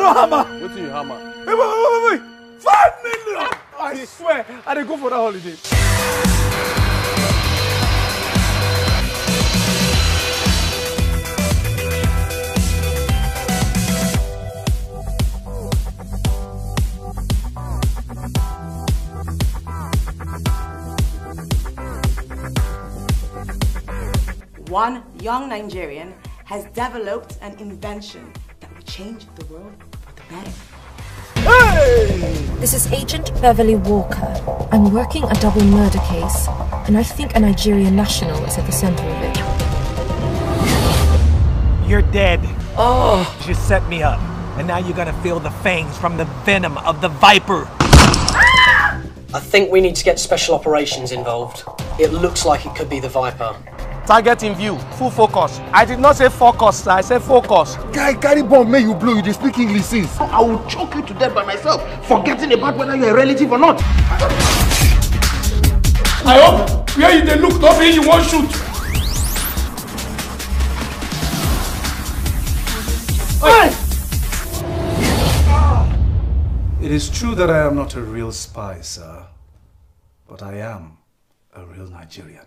I don't hammer. What do you hammer. Wait, wait, wait, wait. Five million. I swear, I didn't go for that holiday. One young Nigerian has developed an invention change the world for the better. This is Agent Beverly Walker. I'm working a double murder case, and I think a Nigerian national is at the center of it. You're dead. Oh! You set me up, and now you're gonna feel the fangs from the venom of the viper. I think we need to get special operations involved. It looks like it could be the Viper target in view full focus i did not say focus i said focus. guy carry bomb may you blow you dey speak english since. i will choke you to death by myself forgetting about whether you are a relative or not. i hope where you look not be you not shoot. It is true that I am not a real spy, sir, but I am a real Nigerian.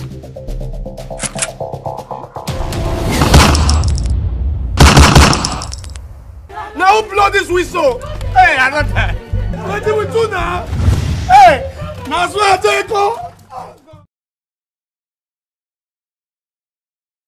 Now blow this whistle. Hey, another. What do we do now? Hey, now I swear I take